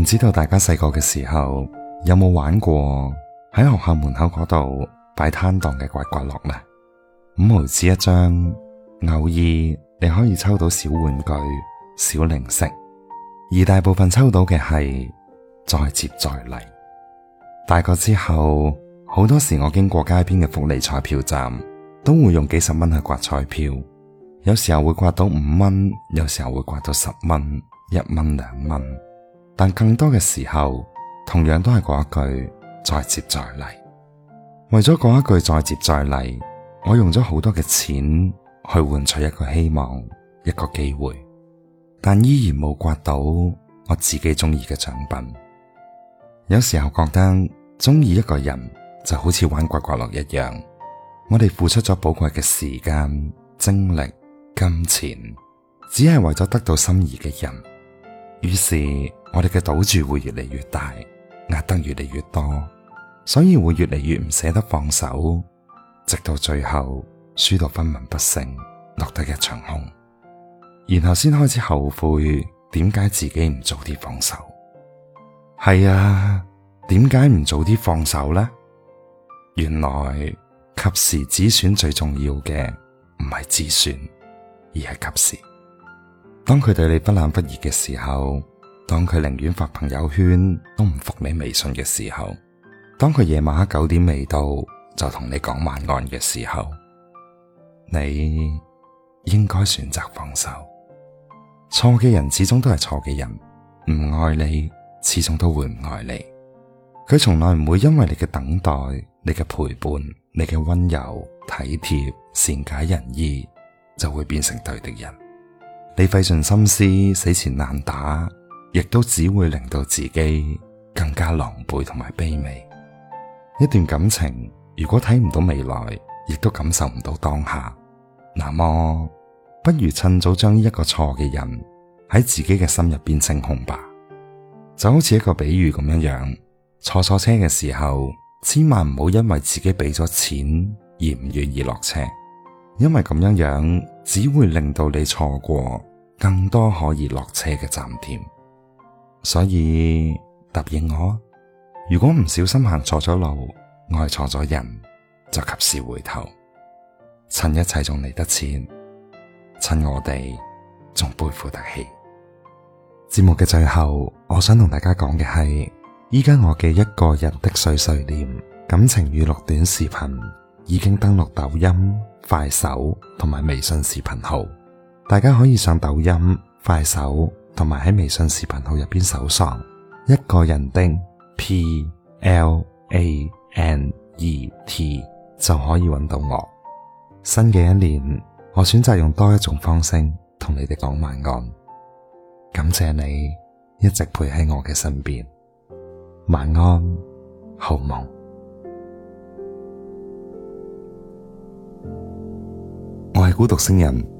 唔知道大家細個嘅時候有冇玩過喺學校門口嗰度擺攤檔嘅刮刮樂呢？五毫子一張，偶爾你可以抽到小玩具、小零食，而大部分抽到嘅係再接再厲。大個之後，好多時我經過街邊嘅福利彩票站，都會用幾十蚊去刮彩票，有時候會刮到五蚊，有時候會刮到十蚊、一蚊、兩蚊。但更多嘅時候，同樣都係嗰一句再接再厲。為咗嗰一句再接再厲，我用咗好多嘅錢去換取一個希望、一個機會，但依然冇刮到我自己中意嘅獎品。有時候覺得中意一個人就好似玩刮刮樂一樣，我哋付出咗寶貴嘅時間、精力、金錢，只係為咗得到心儀嘅人。於是我哋嘅賭注會越嚟越大，壓得越嚟越多，所以會越嚟越唔捨得放手，直到最後輸到分文不剩，落得一場空，然後先開始後悔點解自己唔早啲放手。係啊，點解唔早啲放手呢？原來及時止損最重要嘅唔係止損，而係及時。當佢對你不冷不熱嘅時候，當佢寧願發朋友圈都唔覆你微信嘅時候，當佢夜晚九點未到就同你講晚安嘅時候，你應該選擇放手。錯嘅人始終都係錯嘅人，唔愛你始終都會唔愛你。佢從來唔會因為你嘅等待、你嘅陪伴、你嘅温柔體貼、善解人意，就會變成對的人。你費盡心思死纏爛打，亦都只會令到自己更加狼狽同埋卑微。一段感情如果睇唔到未來，亦都感受唔到當下，那麼不如趁早將一個錯嘅人喺自己嘅心入邊清空吧。就好似一個比喻咁樣樣，坐錯車嘅時候，千萬唔好因為自己俾咗錢而唔願意落車，因為咁樣樣只會令到你錯過更多可以落車嘅站點，所以答應我，如果唔小心行錯咗路，愛錯咗人，就及時回頭，趁一切仲嚟得切，趁我哋仲背負得起。節目嘅最後，我想同大家講嘅係，依家我嘅一個人的碎碎念感情語錄短視頻已經登錄抖音、快手同埋微信視頻號。大家可以上抖音、快手，同埋喺微信視頻號入邊搜索一個人的 P L A N E T 就可以揾到我。新嘅一年，我選擇用多一種方式同你哋講晚安。感謝你一直陪喺我嘅身邊，晚安，好夢。我係孤獨星人。